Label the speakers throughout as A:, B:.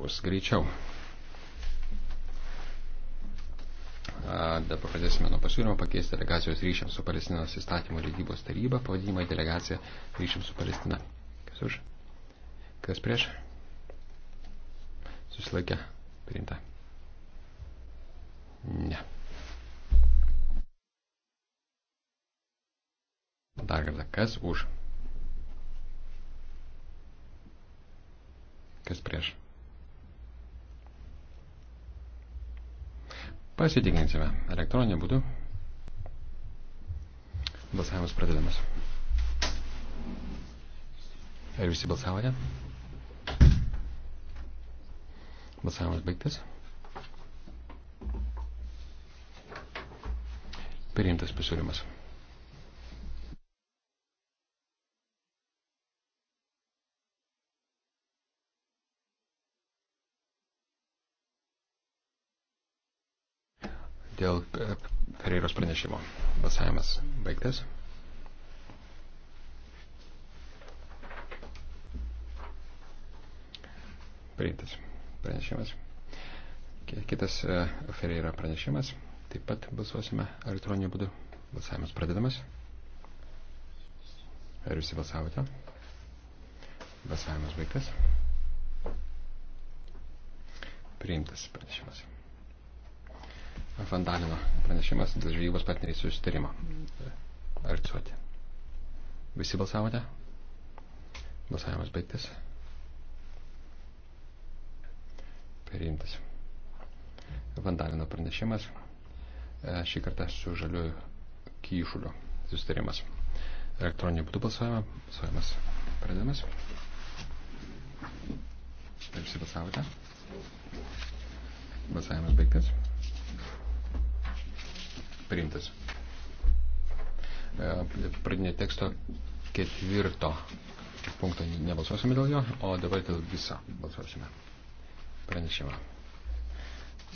A: bus greičiau. Dabar pradėsime nuo pasiūlymo pakeisti delegacijos ryšiams su Palestinos įstatymų leidybos taryba, pavadinimą delegacija ryšiams su Palestina. Kas už? Kas prieš? Susilaikė. Priimta. Ne. Dar kartą, kas už? Kas prieš? Pasitikrinsime elektroninį būdų. Balsavimas pradedamas. Ar visi balsavote? Balsavimas baigtas. Priimtas pasiūlymas. dėl e, Pereiros pranešimo. Balsavimas baigtas. Priimtas pranešimas. Kitas e, Ferreira pranešimas. Taip pat balsuosime elektroniniu būdu. Balsavimas pradedamas. Ar visi balsavote? Balsavimas baigtas. Priimtas pranešimas. Vandalino pranešimas dėl žvejybos partneriai susitarimo. Ar cuoti? Visi balsavote? Balsavimas baigtas. Perimtas. Vandalino pranešimas. E, šį kartą su žaliu kyšuliu susitarimas. Elektroninė būtų balsavimą. Balsavimas pradedamas. Ar visi balsavote? Balsavimas baigtas priimtas. E, pradinė teksto ketvirto punkto nebalsuosime dėl jo, o dabar dėl viso balsuosime. Pranešimą.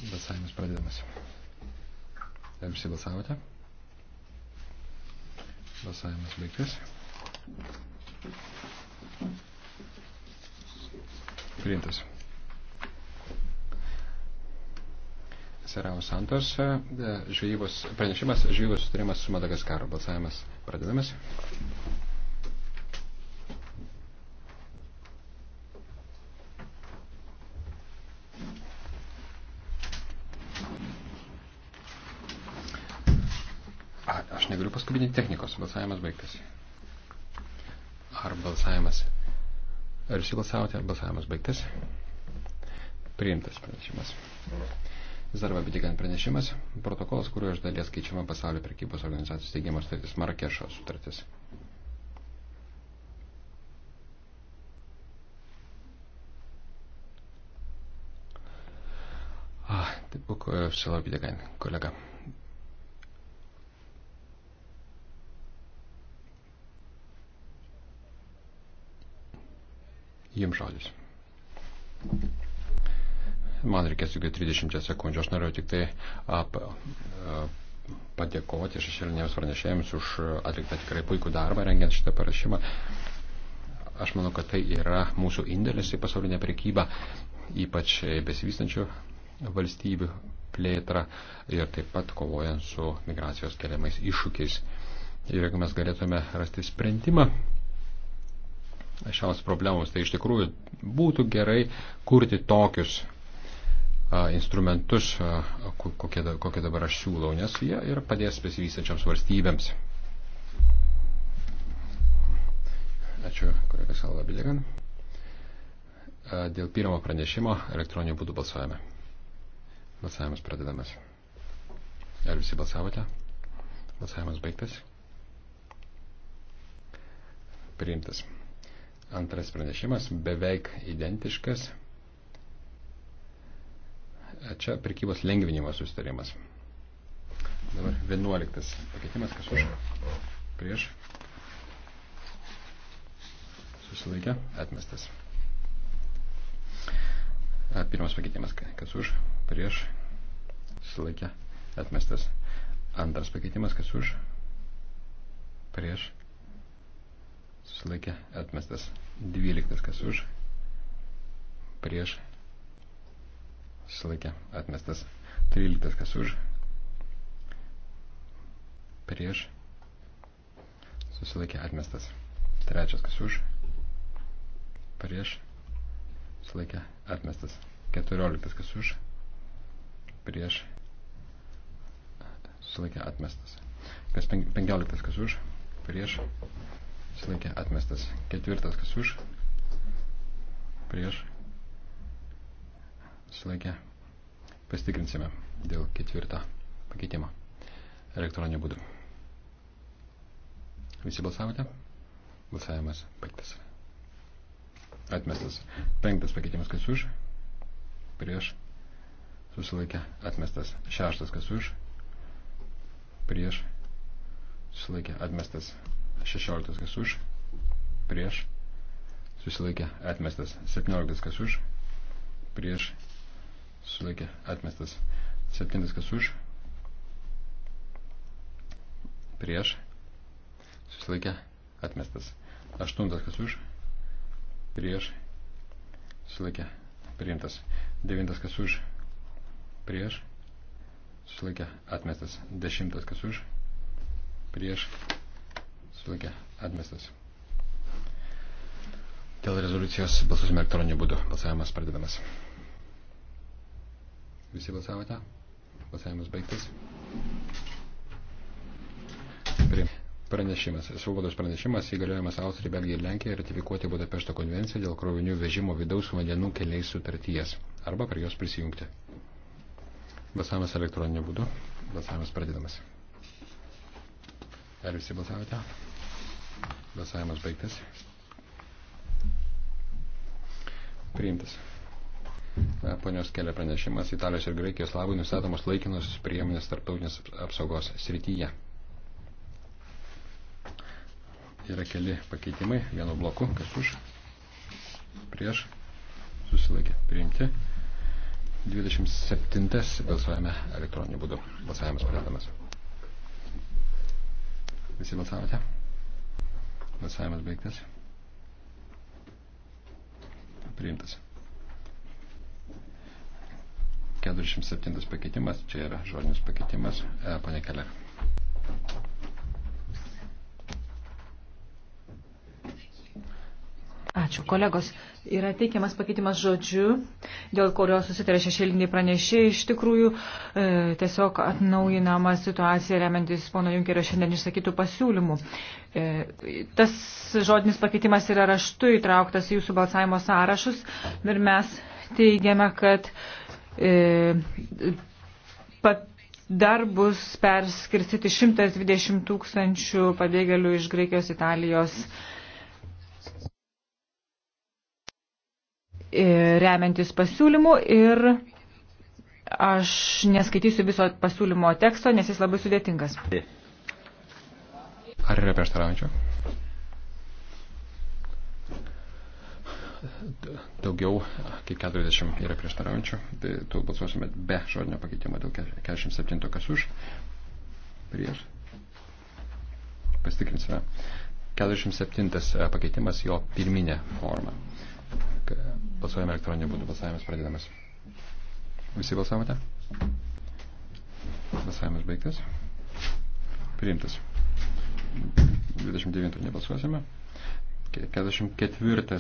A: Balsavimas pradedamas. Ar visi balsavote? Balsavimas baigtas. Priimtas. Serau Santos, e, žvejybos, pranešimas žvejybos sutarimas su Madagaskaru. Balsavimas pradedamas. A, aš negaliu paskubinti technikos. Balsavimas baigtas. Ar balsavimas. Ar visi balsavote? Balsavimas baigtas. Priimtas pranešimas. Zarba Bidigan pranešimas, protokolas, kuriuo iš dalies keičiama pasaulio prekybos organizacijos teigiamo sutartis Marakešo sutartis. Ah, taip, Zarba e, Bidigan, kolega. Jums žodis. Man reikės tik 30 sekundžių. Aš norėjau tik tai ap, padėkoti šešėlinėms pranešėjams už atliktą tikrai puikų darbą rengiant šitą parašymą. Aš manau, kad tai yra mūsų indėlis į pasaulinę prekybą, ypač besivystančių valstybių plėtrą ir taip pat kovojant su migracijos keliamais iššūkiais. Ir jeigu mes galėtume rasti sprendimą šiams problemams, tai iš tikrųjų būtų gerai kurti tokius instrumentus, kokie, kokie dabar aš siūlau, nes jie ir padės besivystančiams valstybėms. Ačiū, kolega Salva Biligan. Dėl pirmo pranešimo elektroniniu būdu balsuojame. Balsavimas pradedamas. Ar visi balsavote? Balsavimas baigtas. Priimtas. Antras pranešimas beveik identiškas Čia prekybos lengvinimo sustarimas. Dabar 11 pakeitimas, kas už. Prieš. Susilaikė. Atmestas. Pirmas pakeitimas, kas už. Prieš. Susilaikė. Atmestas. Antras pakeitimas, kas už. Prieš. Susilaikė. Atmestas. Dvyliktas, kas už. Prieš sulaikė atmestas 13 kas už prieš susilaikė atmestas trečias kas už prieš sulaikė atmestas 14 kas už prieš sulaikė atmestas kas 15 kas už prieš sulaikė atmestas ketvirtas kas už prieš sulaikė. Pasitikrinsime dėl ketvirtą pakeitimą elektroniniu būdu. Visi balsavote? Balsavimas baigtas. Atmestas. Penktas pakeitimas kas už? Prieš. Susilaikė. Atmestas. Šeštas kas už? Prieš. Susilaikė. Atmestas. Šešioliktas kas už? Prieš. Susilaikė. Atmestas. Septynioliktas kas už? Prieš sulaikė atmestas. Septintas kas už, prieš, susilaikė atmestas. Aštuntas kas už, prieš, susilaikė priimtas. Devintas kas už, prieš, susilaikė atmestas. Dešimtas kas už, prieš, susilaikė atmestas. Dėl rezoliucijos balsusime elektroniniu būdu. Balsavimas pradedamas. Visi balsavote? Balsavimas baigtas. Pranešimas. Svobodos pranešimas įgaliojamas Austrija, Belgija ir Lenkija ratifikuoti Budapešto konvenciją dėl krovinių vežimo vidaus vandenų keliais sutarties arba per jos prisijungti. Balsavimas elektroniniu būdu. Balsavimas pradedamas. Ar visi balsavote? Balsavimas baigtas. Priimtas. E, ponios kelia pranešimas Italijos ir Graikijos labui nustatomos laikinos priemonės tarptautinės apsaugos srityje. Yra keli pakeitimai vienu bloku, kas už, prieš, susilaikė, priimti. 27 balsuojame elektroniniu būdu. Balsavimas pradedamas. Visi balsavote? Balsavimas baigtas. Priimtas. 47 pakeitimas, čia yra žodinis pakeitimas, e, pane Keler. Ačiū, kolegos. Yra teikiamas pakeitimas žodžiu, dėl kurio susitarė šešėliniai pranešėjai. Iš tikrųjų, e, tiesiog atnaujinama situacija remiantis pono Junkerio šiandien išsakytų pasiūlymų. E, tas žodinis pakeitimas yra raštu įtrauktas į jūsų balsavimo sąrašus ir mes teigiame, kad e, E, dar bus perskirstyti 120 tūkstančių pabėgėlių iš Graikijos, Italijos, e, remiantis pasiūlymu ir aš neskaitysiu viso pasiūlymo teksto, nes jis labai sudėtingas. Ar yra prieštaraujančių? daugiau kaip 40 yra prieštaraujančių, tai tu balsuosime be žodinio pakeitimo dėl 47 kas už, prieš. Pastikrinsime. 47 e, pakeitimas jo pirminė forma. Balsuojame elektroniniu būdu, balsavimas pradedamas. Visi balsavote? Balsavimas baigtas. Priimtas. 29 nebalsuosime. 44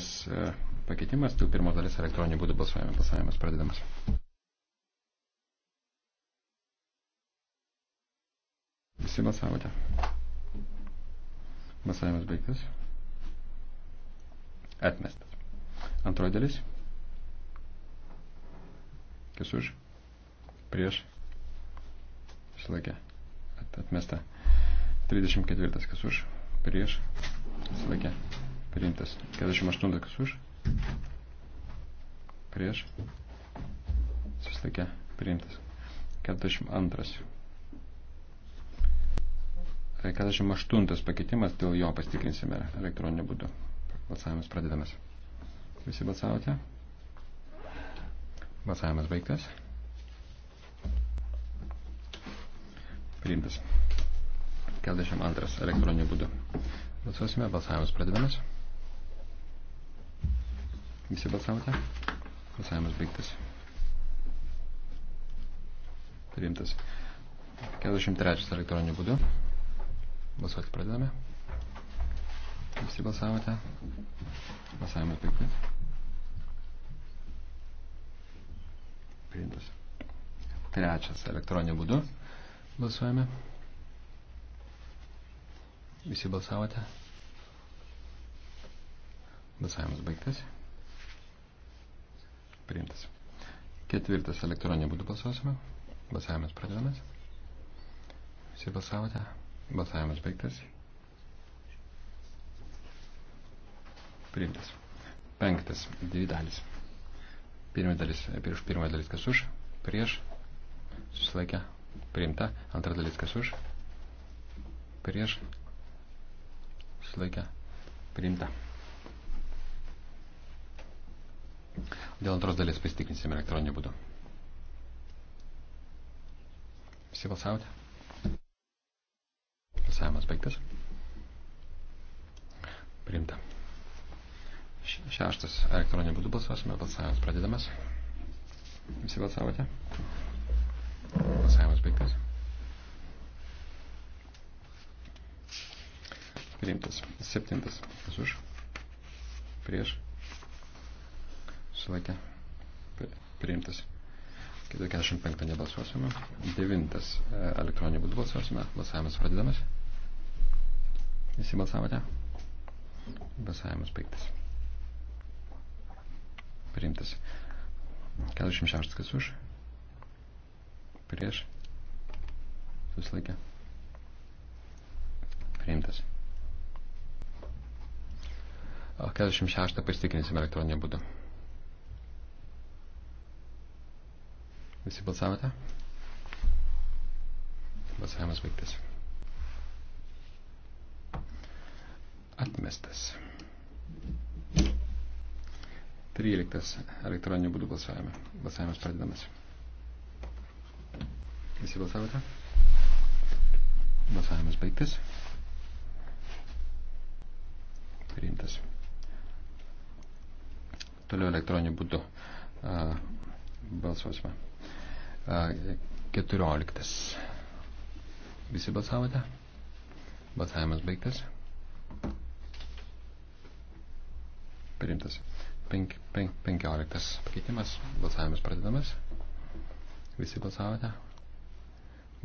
A: pakeitimas, tik pirmo dalis elektroninių būdų balsuojame, pasavimas pradedamas. Visi balsavote. Balsavimas baigtas. Atmestas. Antroji dalis. Kas už? Prieš. Išlaikė. At, atmesta. 34. Kas už? Prieš. Išlaikė. Priimtas. 48. Kas už? Prieš. Susilaikė priimtas. 42. 48 tai pakeitimas, dėl jo pastikrinsime elektroniniu būdu. Balsavimas pradedamas. Visi balsavote? Balsavimas baigtas. Priimtas. 42 elektroniniu būdu. Balsuosime, balsavimas pradedamas. Visi balsavote? Balsavimas baigtas. Priimtas. 43 elektroniniu būdu. Balsuoti pradedame. Visi balsavote? Balsavimas baigtas. Priimtas. Trečias elektroniniu būdu. Balsuojame. Visi balsavote? Balsavimas baigtas. Priimtas. Ketvirtas elektroninė būdų balsuosime. Balsavimas pradedamas. Visi balsavote. Balsavimas baigtas. Priimtas. Penktas. Dvi dalis. Pirma dalis. Prieš pirmą dalis kas už. Prieš. Susilaikę. Priimta. Antra dalis kas už. Prieš. Susilaikę. Priimta. Dėl antros dalies pasitikrinsime elektroniniu būdu. Visi balsavote? Balsavimas baigtas. Priimta. Šeštas elektroniniu būdu balsuosime. Balsavimas pradedamas. Visi balsavote? Balsavimas baigtas. Priimtas. Septintas. Kas už? Prieš susilaikė priimtas. 45 nebalsuosime. 9 e, elektroninį būdų balsuosime. Balsavimas pradedamas. Visi balsavote? Balsavimas baigtas. Priimtas. 46 kas už. Prieš. Susilaikė. Priimtas. 46 pasitikrinsime elektroninį būdą. Visi balsavote? Balsavimas baigtas. Atmestas. 13. Elektroniniu būdu balsavime. Balsavimas pradedamas. Visi balsavote? Balsavimas baigtas. Priimtas. Toliau elektroniniu būdu balsuosime. 14. Visi balsavote? Balsavimas baigtas. Priimtas. 15 penk, pakeitimas. Balsavimas pradedamas. Visi balsavote?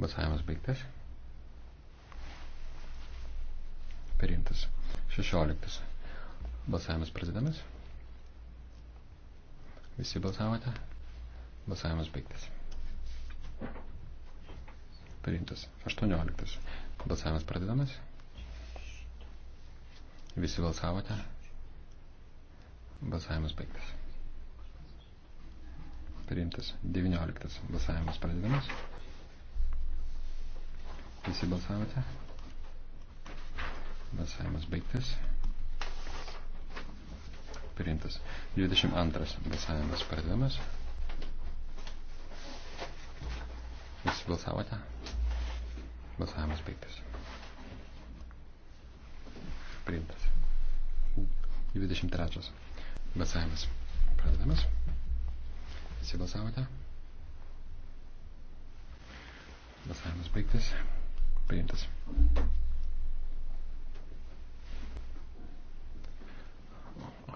A: Balsavimas baigtas. Priimtas. 16. Balsavimas pradedamas. Visi balsavote? Balsavimas baigtas. Priimtas. 18. Balsavimas pradedamas. Visi balsavote. Balsavimas baigtas. Priimtas. 19. Balsavimas pradedamas. Visi balsavote. Balsavimas baigtas. Priimtas. 22. Balsavimas pradedamas. Visi balsavote. Balsavimas baigtas. Priimtas. 23. Balsavimas. Pradedamas. Visi balsavote. Balsavimas baigtas. Priimtas.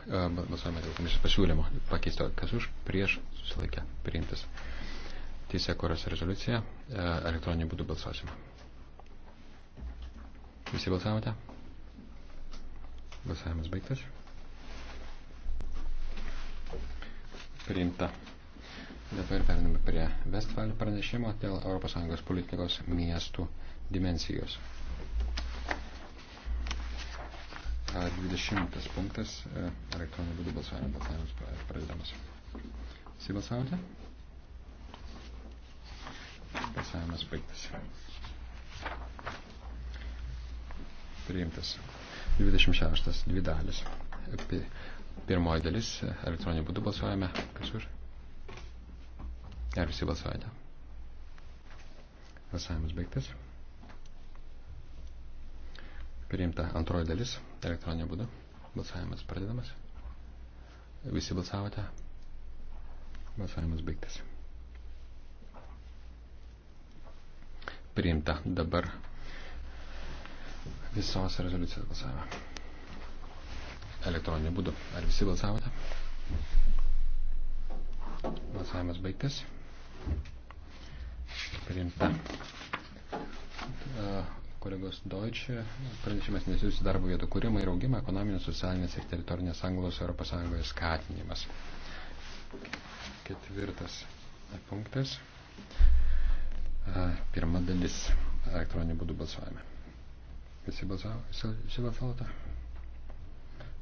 A: Balsuojame dėl komisijos pasiūlymo pakeisto, kas už prieš susilaikę priimtas teisėkuros rezoliuciją e, elektroniniu būdu balsuosime. Visi balsavote? Balsavimas baigtas. Priimta. Dabar periname prie Westfalio pranešimo dėl ES politikos miestų dimensijos. 20 punktas e, elektroniniu būdu balsavimo balsavimas pradedamas. Visi balsavote? Balsavimas baigtas priimtas. 26 dvi dalis. Pirmoji dalis elektroniniu būdu balsuojame. Kas už? Ar visi balsuojate? Balsavimas baigtas. Priimta antroji dalis elektroniniu būdu. Balsavimas pradedamas. Visi balsavote. Balsavimas baigtas. Priimta dabar visos rezoliucijos balsavimą. Elektroninė būdu. Ar visi balsavote? Balsavimas baigtas. Priimta. Uh, kolegos Deutsche, pranešimas nesusijusių darbo vietų kūrimą ir augimą, ekonominės, socialinės ir teritorinės anglos Europos Sąjungoje skatinimas. Ketvirtas punktas. Uh, pirma dalis elektroninių būdų balsuojame. Visi balsavote.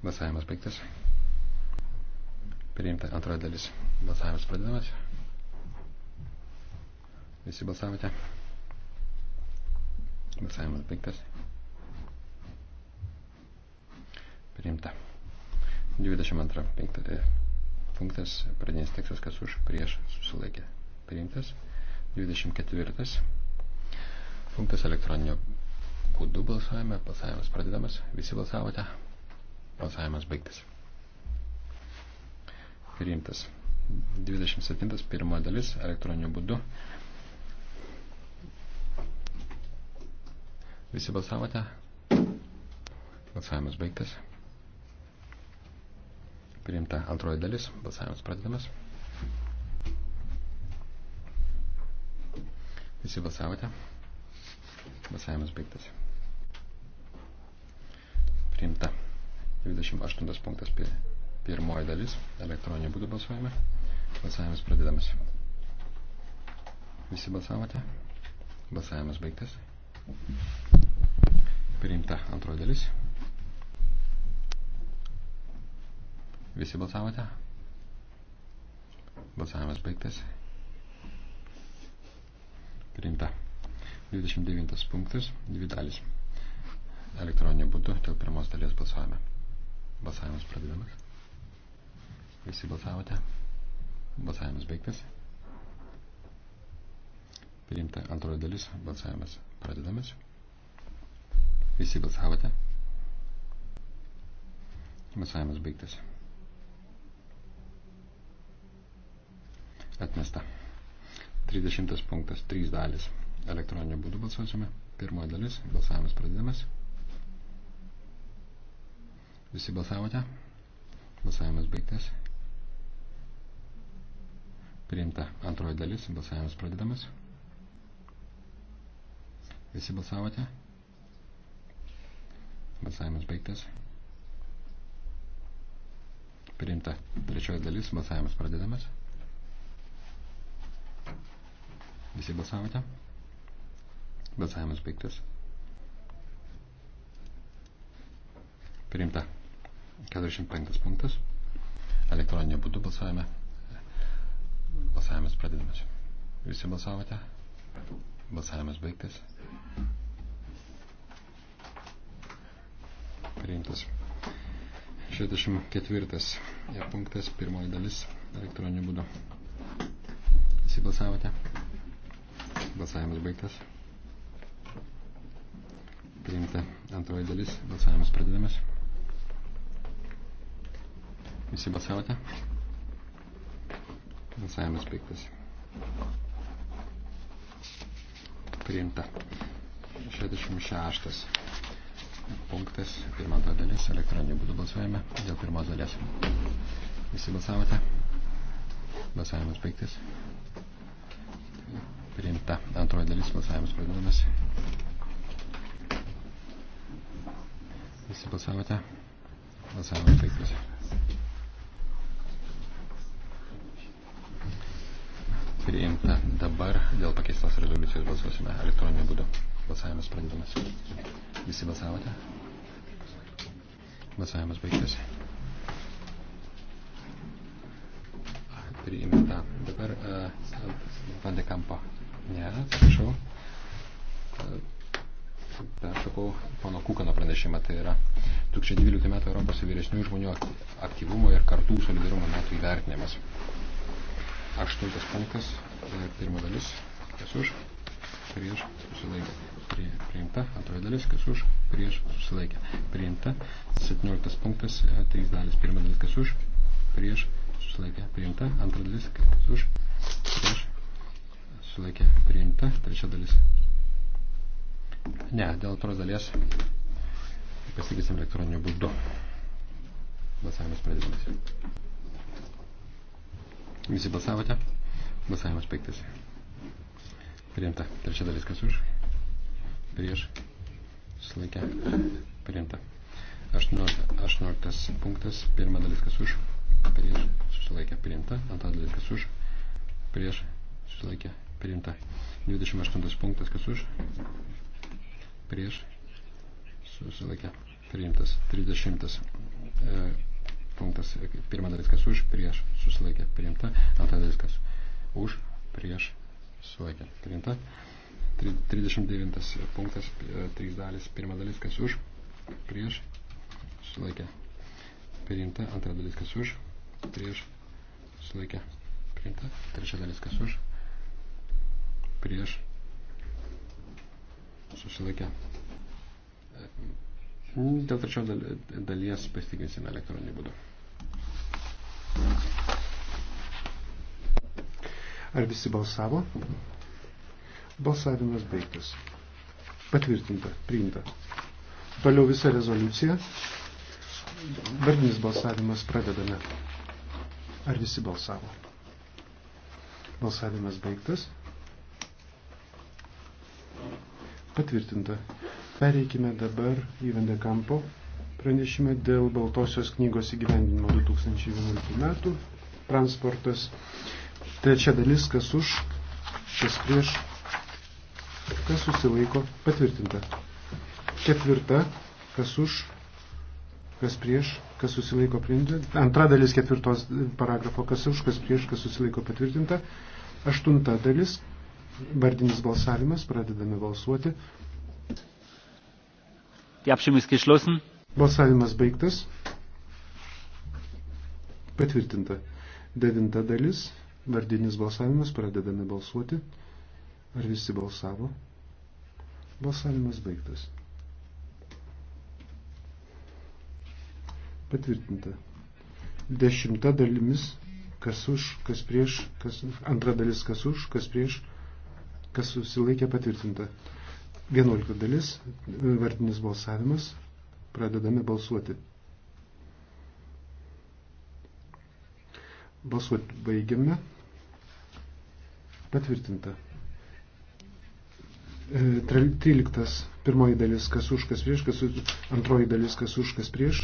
A: Balsavimas baigtas. Priimta antroji dalis. Balsavimas pradedamas. Visi balsavote. Balsavimas baigtas. Priimta. 22. Punktas pradinis tekstas, kas už prieš susilaikė. Priimtas. 24. Punktas elektroninio būdu balsuojame, balsavimas pradedamas, visi balsavote, balsavimas baigtas. Priimtas. 27. Pirma dalis elektroniniu būdu. Visi balsavote. Balsavimas baigtas. Priimta antroji dalis. Balsavimas pradedamas. Visi balsavote. Balsavimas baigtas priimta. 28 punktas pirmoji dalis. Elektroninė būtų balsuojame. Balsavimas pradedamas. Visi balsavote. Balsavimas baigtas. Priimta antroji dalis. Visi balsavote? Balsavimas baigtas. Priimta. 29 punktas, dvi dalis elektroniniu būdu dėl pirmos dalies balsavime. Balsavimas pradedamas. Visi balsavote. Balsavimas baigtas. Priimta antroji dalis. Balsavimas pradedamas. Visi balsavote. Balsavimas baigtas. Atmesta. 30 punktas, 3 dalis. Elektroniniu būdu balsuosime. Pirmoji dalis, balsavimas pradedamas. Visi balsavote? Balsavimas baigtas. Priimta antroji dalis, balsavimas pradedamas. Visi balsavote? Balsavimas baigtas. Priimta trečioji dalis, balsavimas pradedamas. Visi balsavote? Balsavimas baigtas. Priimta 45 punktas. Elektroninio būdu balsavime. Balsavimas pradedamas. Visi balsavote? Balsavimas baigtas. Priimtas. 64. Ja, punktas, pirmoji dalis elektroniniu būdu. Visi balsavote? Balsavimas baigtas. Priimta antroji dalis. Balsavimas pradedamas. Visi balsavote? Balsavimas baigtas. Priimta. 66. Punktas. Pirma ta dalis. Elektroniniu būdu balsuojame. Dėl pirmos dalies. Visi balsavote? Balsavimas baigtas. Priimta. Antroji dalis. Balsavimas pradedamas. Visi balsavote? Balsavimas baigtas. priimta. Dabar dėl pakeistos rezoliucijos balsuosime elektroniniu būdu. Balsavimas pradedamas. Visi balsavote? Balsavimas baigtas. Priimta. Dabar uh, e, Vandekampo. Ne, atsiprašau. Uh, peršokau pono Kukano pranešimą, tai yra 2012 metų Europos vyresnių žmonių aktyvumo ir kartų solidarumo metų įvertinimas aštuntas punktas, e, pirma dalis, kas už, prieš, susilaikė. Prie, priimta, antroji dalis, kas už, prieš, susilaikė. Priimta, septynioliktas punktas, e, trys dalis, pirma dalis, kas už, prieš, susilaikė. Priimta, antra dalis, kas už, prieš, susilaikė. Priimta, trečia dalis. Ne, dėl antros dalies pasakysim elektroniniu būdu. Balsavimas pradedamas. Visi balsavote? Balsavimas baigtas. Priimta. Trečia dalis kas už? Prieš. Susilaikę. Priimta. 18, 18 punktas. Pirma dalis kas už? Prieš. Susilaikę. Priimta. Antra dalis kas už? Prieš. Susilaikę. Priimta. 28 punktas kas už? Prieš. Susilaikę. Priimtas. 30. E, punktas, pirma dalis kas už, prieš, susilaikė, priimta, antra dalis kas už, prieš, susilaikė, priimta. 39 punktas, 3 dalis, pirma dalis kas už, prieš, susilaikė, priimta, antra dalis kas už, prieš, susilaikė, priimta, trečia dalis kas už, prieš, susilaikė. Dėl trečios dalies pasitikrinsime elektroninį būdą.
B: Ar visi balsavo? Balsavimas baigtas. Patvirtinta, priimta. Toliau visa rezoliucija. Vardinis balsavimas pradedame. Ar visi balsavo? Balsavimas baigtas. Patvirtinta. Pereikime dabar į Vendekampo pranešime dėl Baltosios knygos įgyvendinimo 2011 metų. Transportas. Trečia dalis, kas už, kas prieš, kas susilaiko, patvirtinta. Ketvirta, kas už, kas prieš, kas susilaiko priimtinta. Antra dalis ketvirtos paragrafo, kas už, kas prieš, kas susilaiko patvirtinta. Aštunta dalis, vardinis balsavimas, pradedame balsuoti.
A: Die Abstimmung ist geschlossen.
B: Balsavimas baigtas. Patvirtinta. Devinta dalis. Vardinis balsavimas. Pradedame balsuoti. Ar visi balsavo? Balsavimas baigtas. Patvirtinta. Dešimta dalimis. Kas už, kas prieš, kas, antra dalis kas už, kas prieš, kas susilaikė patvirtinta. Vienuolika dalis, vardinis balsavimas, Pradedame balsuoti. Balsuoti baigiame. Patvirtinta. 13. E, Pirmoji dalis, kas už, kas prieš, kas už, antroji dalis, kas už, kas prieš,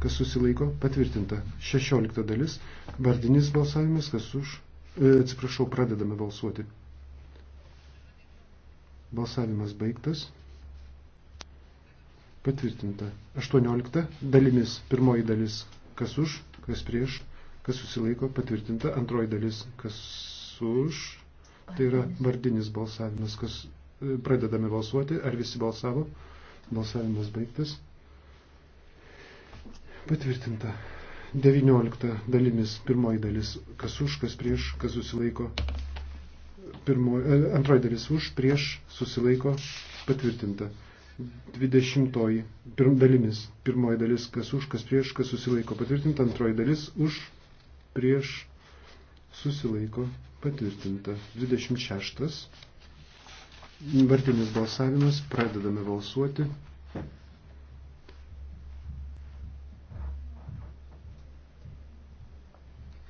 B: kas susilaiko, patvirtinta. 16 dalis, vardinis balsavimas, kas už, e, atsiprašau, pradedame balsuoti. Balsavimas baigtas. Patvirtinta. 18 dalimis. Pirmoji dalis. Kas už, kas prieš, kas susilaiko. Patvirtinta. Antroji dalis. Kas už. Tai yra vardinis balsavimas. Kas e, pradedame balsuoti. Ar visi balsavo? Balsavimas baigtas. Patvirtinta. 19 dalimis. Pirmoji dalis. Kas už, kas prieš, kas susilaiko. Pirmo, e, antroji dalis už, prieš, susilaiko. Patvirtinta. 20 pirm, dalimis. Pirmoji dalis, kas už, kas prieš, kas susilaiko patvirtinta. Antroji dalis už, prieš, susilaiko patvirtinta. 26. Vartinis balsavimas. Pradedame balsuoti.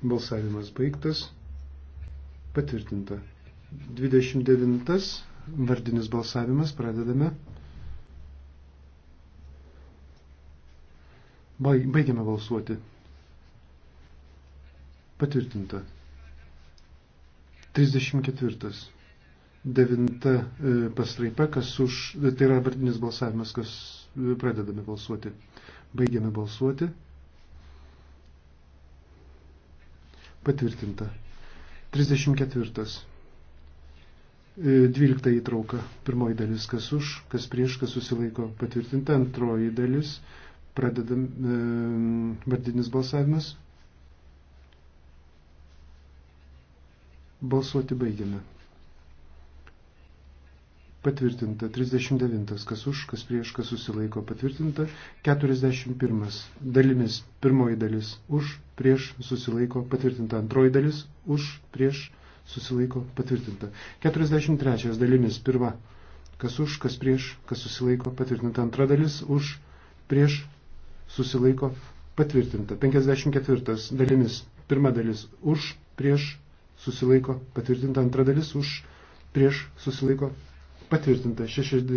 B: Balsavimas baigtas. Patvirtinta. 29. Vardinis balsavimas. Pradedame. Baigiame balsuoti. Patvirtinta. 34. Devinta e, pastraipa, kas už, tai yra vardinis balsavimas, kas e, pradedame balsuoti. Baigiame balsuoti. Patvirtinta. 34. 12 e, įtrauka. Pirmoji dalis, kas už, kas prieš, kas susilaiko. Patvirtinta. Antroji dalis Pradedam e, vardinis balsavimas. Balsuoti baigiame. Patvirtinta 39. Kas už, kas prieš, kas susilaiko. Patvirtinta 41. Dalimis. Pirmoji dalis. Už, prieš, susilaiko. Patvirtinta antroji dalis. Už, prieš, susilaiko. Patvirtinta. 43. Dalimis. Pirma. Kas už, kas prieš, kas susilaiko. Patvirtinta antra dalis. Už, prieš, susilaiko patvirtinta. 54 dalimis. Pirma dalis už, prieš, susilaiko patvirtinta. Antra dalis už, prieš, susilaiko patvirtinta. 60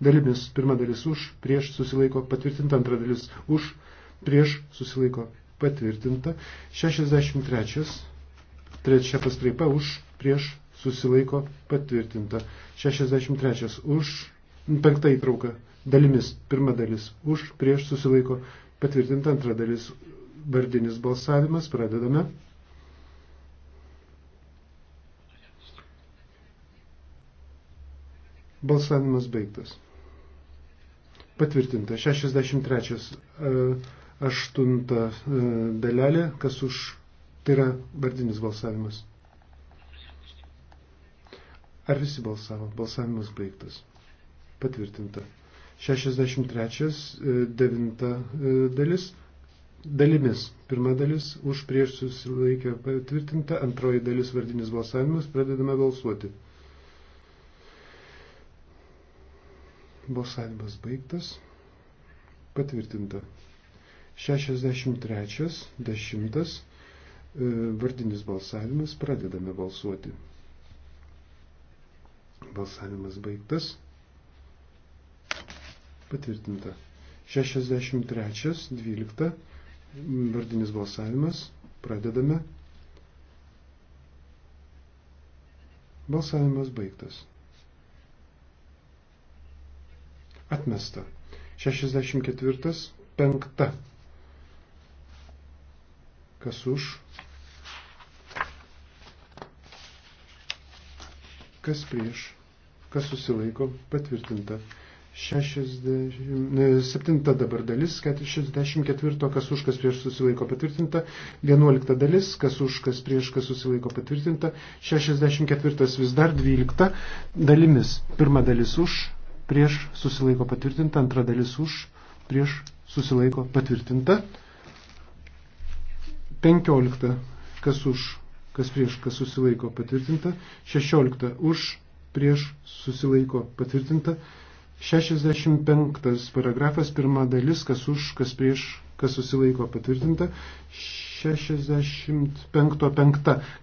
B: dalimis. Pirma dalis už, prieš, susilaiko patvirtinta. Antra dalis už, prieš, susilaiko patvirtinta. 63. Trečia pastraipa už, prieš, susilaiko patvirtinta. 63. Už, penkta įtrauka dalimis. Pirma dalis už, prieš susilaiko patvirtinta, antra dalis vardinis balsavimas, pradedame. Balsavimas baigtas. Patvirtinta 63 e, aštunta e, dalelė, kas už, tai yra vardinis balsavimas. Ar visi balsavo? Balsavimas baigtas. Patvirtinta. 63 9 e, e, dalis dalimis. Pirma dalis už prieš susilaikę patvirtinta, antroji dalis vardinis balsavimas, pradedame balsuoti. Balsavimas baigtas. Patvirtinta. 63. 10. E, vardinis balsavimas. Pradedame balsuoti. Balsavimas baigtas. Patvirtinta. 63, 12. Vardinis balsavimas. Pradedame. Balsavimas baigtas. Atmesta. 64, 5. Kas už? Kas prieš? Kas susilaiko? Patvirtinta. 67 dabar dalis, 64 kas už kas prieš susilaiko patvirtinta, 11 dalis kas už kas prieš kas susilaiko patvirtinta, 64 vis dar 12 dalimis. Pirma dalis už, prieš susilaiko patvirtinta, antra dalis už, prieš susilaiko patvirtinta, 15 kas už kas prieš kas susilaiko patvirtinta, 16 už, prieš susilaiko patvirtinta, 65 paragrafas, pirma dalis, kas už, kas prieš, kas susilaiko patvirtinta. 65.5.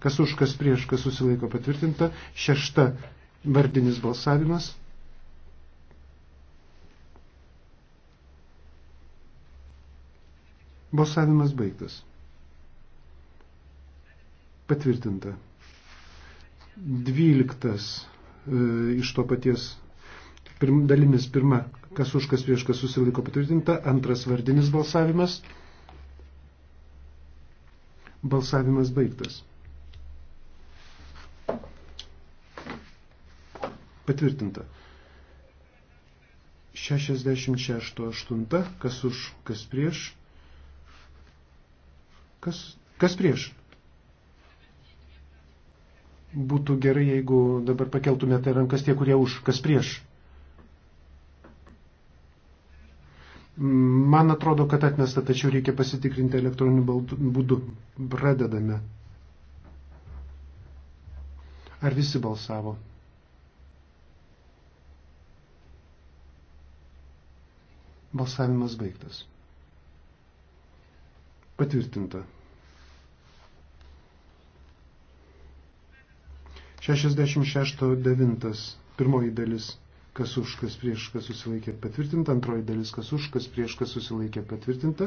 B: Kas už, kas prieš, kas susilaiko patvirtinta. 6. Vardinis balsavimas. Balsavimas baigtas. Patvirtinta. 12. E, iš to paties pirm, dalimis pirma, kas už, kas prieš, kas susilaiko patvirtinta, antras vardinis balsavimas. Balsavimas baigtas. Patvirtinta. 66.8. Kas už, kas prieš. Kas, kas prieš? Būtų gerai, jeigu dabar pakeltumėte rankas tie, kurie už, kas prieš. Man atrodo, kad atmesta, tačiau reikia pasitikrinti elektroniniu būdu. Pradedame. Ar visi balsavo? Balsavimas baigtas. Patvirtinta. 66.9. Pirmoji dalis kas už, kas prieš, kas susilaikė patvirtinta, antroji dalis, kas už, kas prieš, kas susilaikė patvirtinta.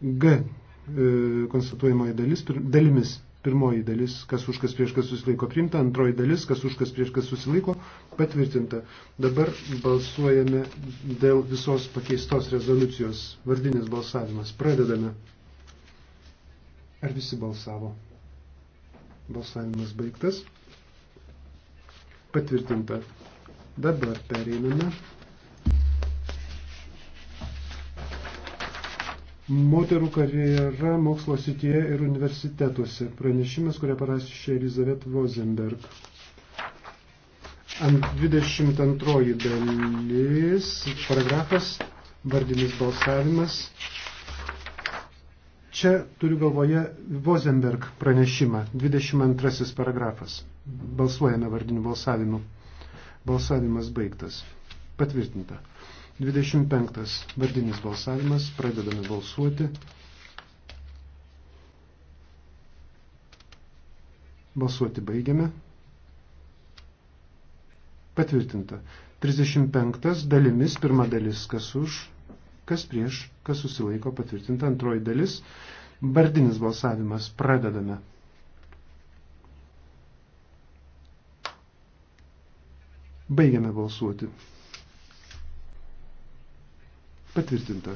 B: G. E, konstatuojamoji dalis, pir, dalimis, pirmoji dalis, kas už, kas prieš, kas susilaiko priimta, antroji dalis, kas už, kas prieš, kas susilaiko patvirtinta. Dabar balsuojame dėl visos pakeistos rezoliucijos, vardinis balsavimas. Pradedame. Ar visi balsavo? Balsavimas baigtas. Patvirtinta. Dabar pereiname. Moterų karjera mokslo sityje ir universitetuose. Pranešimas, kurią parašė Elizabeth Vozenberg. Ant 22 dalis paragrafas, vardinis balsavimas. Čia turiu galvoje Vozenberg pranešimą, 22 paragrafas. Balsuojame vardiniu balsavimu. Balsavimas baigtas. Patvirtinta. 25. Vardinis balsavimas. Pradedame balsuoti. Balsuoti baigiame. Patvirtinta. 35. Dalimis. Pirma dalis. Kas už, kas prieš, kas susilaiko. Patvirtinta. Antroji dalis. Vardinis balsavimas. Pradedame. Baigiame balsuoti. Patvirtinta.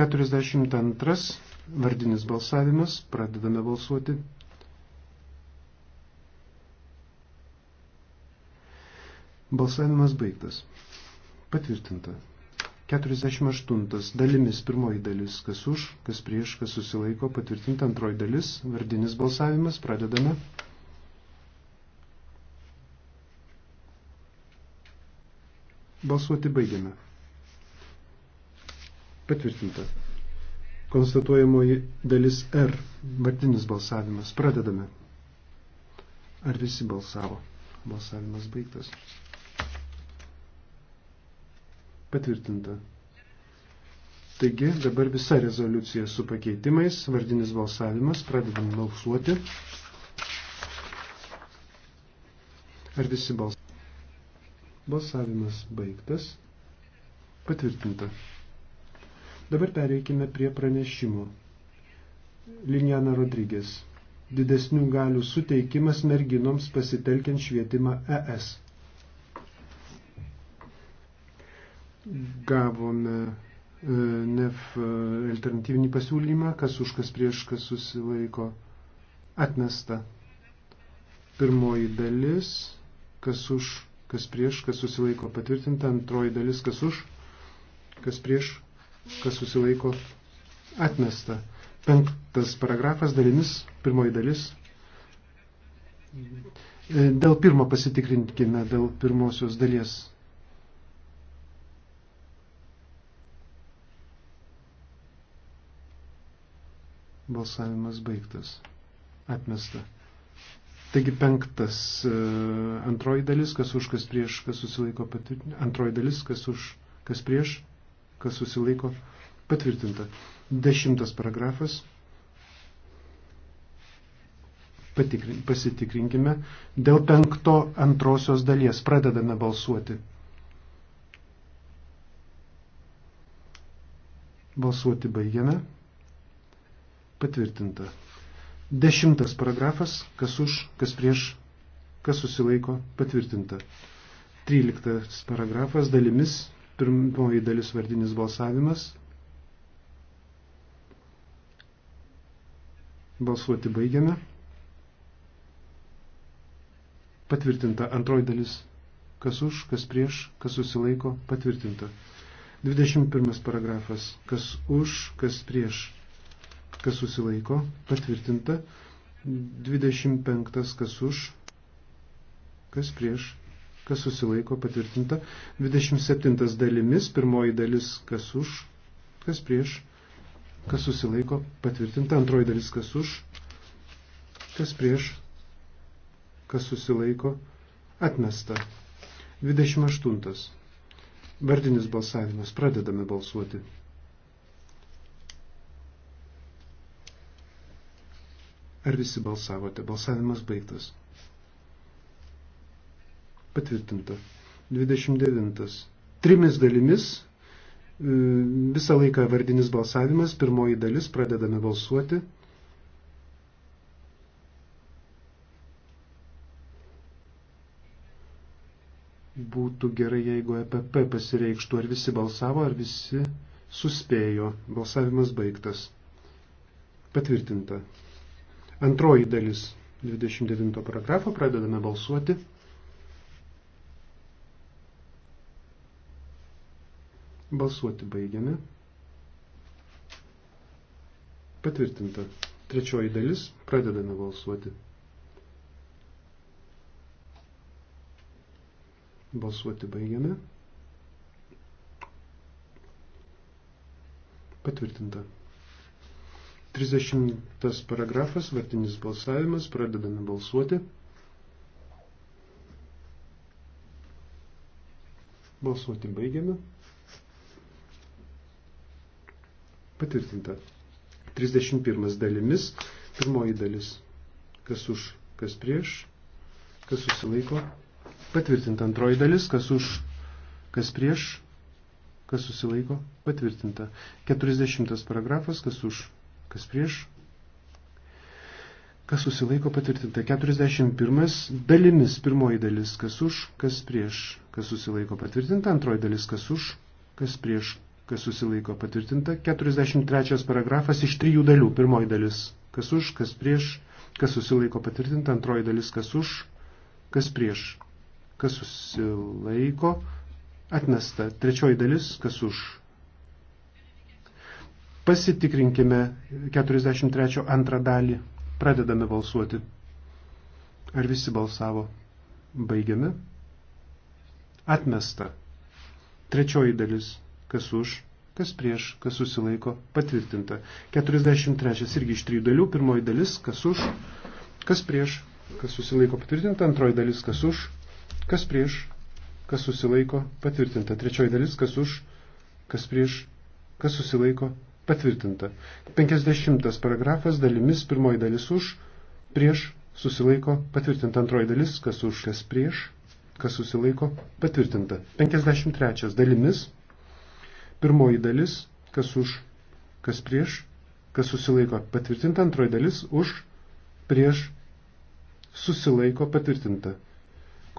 B: 42. Vardinis balsavimas. Pradedame balsuoti. Balsavimas baigtas. Patvirtinta. 48. Dalimis pirmoji dalis. Kas už, kas prieš, kas susilaiko. Patvirtinta antroji dalis. Vardinis balsavimas. Pradedame. Balsuoti baigiame. Patvirtinta. Konstatuojamoji dalis R. Vardinis balsavimas. Pradedame. Ar visi balsavo? Balsavimas baigtas. Patvirtinta. Taigi dabar visa rezoliucija su pakeitimais, vardinis balsavimas, pradedam balsuoti. Ar visi balsavo? Balsavimas baigtas. Patvirtinta. Dabar pereikime prie pranešimo. Liliana Rodrygės. Didesnių galių suteikimas merginoms pasitelkiant švietimą ES. Gavome e, NEF e, alternatyvinį pasiūlymą, kas už kas prieš kas susilaiko atmesta. Pirmoji dalis, kas už kas prieš, kas susilaiko patvirtinta, antroji dalis, kas už, kas prieš, kas susilaiko atmesta. Penktas paragrafas dalimis, pirmoji dalis. Dėl pirmo pasitikrinkime, dėl pirmosios dalies. Balsavimas baigtas. Atmesta. Taigi penktas, e, antroji dalis, kas už, kas prieš, kas susilaiko patvirtinta. Antroji dalis, kas už, kas prieš, kas susilaiko patvirtinta. Dešimtas paragrafas. Patikrin, pasitikrinkime. Dėl penkto antrosios dalies pradedame balsuoti. Balsuoti baigiame. Patvirtinta. Dešimtas paragrafas, kas už, kas prieš, kas susilaiko, patvirtinta. Tryliktas paragrafas, dalimis, pirmoji dalis vardinis balsavimas. Balsuoti baigiame. Patvirtinta antroji dalis, kas už, kas prieš, kas susilaiko, patvirtinta. 21 paragrafas, kas už, kas prieš, kas susilaiko, patvirtinta. 25, kas už, kas prieš, kas susilaiko, patvirtinta. 27 dalimis, pirmoji dalis, kas už, kas prieš, kas susilaiko, patvirtinta. Antroji dalis, kas už, kas prieš, kas susilaiko, atmesta. 28. Vardinis balsavimas. Pradedame balsuoti. Ar visi balsavote? Balsavimas baigtas. Patvirtinta. 29. Trimis dalimis. E, visą laiką vardinis balsavimas. Pirmoji dalis. Pradedame balsuoti. Būtų gerai, jeigu EPP pasireikštų, ar visi balsavo, ar visi suspėjo. Balsavimas baigtas. Patvirtinta. Antroji dalis 29 paragrafo pradedame balsuoti. Balsuoti baigiame. Patvirtinta. Trečioji dalis. Pradedame balsuoti. Balsuoti baigiame. Patvirtinta. 30 paragrafas, vartinis balsavimas, pradedame balsuoti. Balsuoti baigiame. Patvirtinta. 31 dalimis. Pirmoji dalis. Kas už, kas prieš, kas susilaiko. Patvirtinta antroji dalis. Kas už, kas prieš, kas susilaiko. Patvirtinta. 40 paragrafas. Kas už, Kas prieš? Kas susilaiko patvirtinta? 41 dalimis. Pirmoji dalis kas už, kas prieš. Kas susilaiko patvirtinta? Antroji dalis kas už, kas prieš. Kas susilaiko patvirtinta? 43 paragrafas iš trijų dalių. Pirmoji dalis kas už, kas prieš. Kas susilaiko patvirtinta? Antroji dalis kas už, kas prieš. Kas susilaiko atmesta? Trečioji dalis kas už, Pasitikrinkime 43 antrą dalį. Pradedame balsuoti. Ar visi balsavo? Baigiame. Atmesta. Trečioji dalis. Kas už, kas prieš, kas susilaiko. Patvirtinta. 43 irgi iš trijų dalių. Pirmoji dalis. Kas už, kas prieš, kas susilaiko. Patvirtinta. Antroji dalis. Kas už, kas prieš, kas susilaiko. Patvirtinta. Trečioji dalis. Kas už, kas prieš, kas susilaiko. Patvirtinta. 50 paragrafas dalimis, pirmoji dalis už, prieš, susilaiko, patvirtinta antroji dalis, kas už, kas prieš, kas susilaiko, patvirtinta. 53 dalimis, pirmoji dalis, kas už, kas prieš, kas susilaiko, patvirtinta antroji dalis, už, prieš, susilaiko, patvirtinta.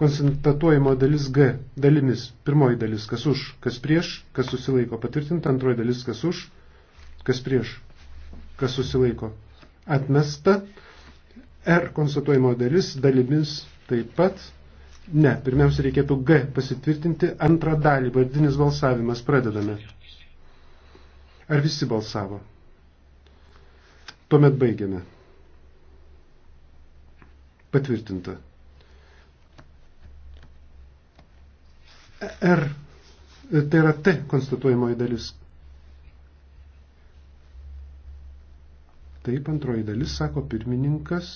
B: Konstatuojamo dalis G dalimis, pirmoji dalis, kas už, kas prieš, kas susilaiko, patvirtinta antroji dalis, kas už, kas prieš, kas susilaiko. Atmesta. R konstatuojimo dalis dalimis taip pat. Ne, pirmiausia reikėtų G pasitvirtinti antrą dalį, vardinis balsavimas, pradedame. Ar visi balsavo? Tuomet baigiame. Patvirtinta. R, tai yra T konstatuojamoji dalis, Taip, antroji dalis, sako pirmininkas.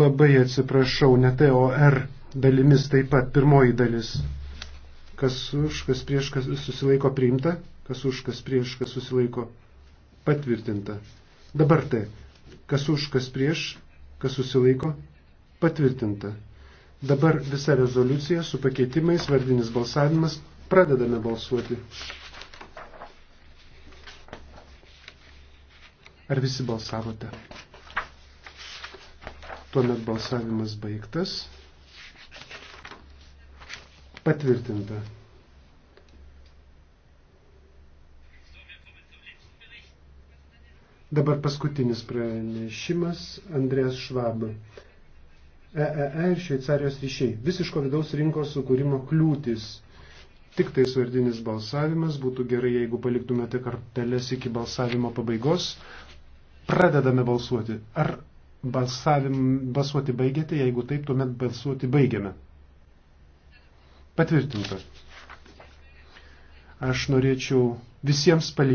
B: Labai atsiprašau, ne TOR dalimis taip pat pirmoji dalis. Kas už, kas prieš, kas susilaiko priimta, kas už, kas prieš, kas susilaiko patvirtinta. Dabar tai, kas už, kas prieš, kas susilaiko patvirtinta. Dabar visa rezoliucija su pakeitimais, vardinis balsavimas. Pradedame balsuoti. Ar visi balsavote? Tuomet balsavimas baigtas. Patvirtinta. Dabar paskutinis pranešimas Andrės Švabas. EEE e e ir Šveicarijos ryšiai. Visiško vidaus rinkos sukūrimo kliūtis. Tik tai svardinis balsavimas. Būtų gerai, jeigu paliktumėte kartelės iki balsavimo pabaigos. Pradedame balsuoti. Ar balsavim, balsuoti baigėte? Jeigu taip, tuomet balsuoti baigiame. Patvirtinta. Aš norėčiau visiems palinkėti.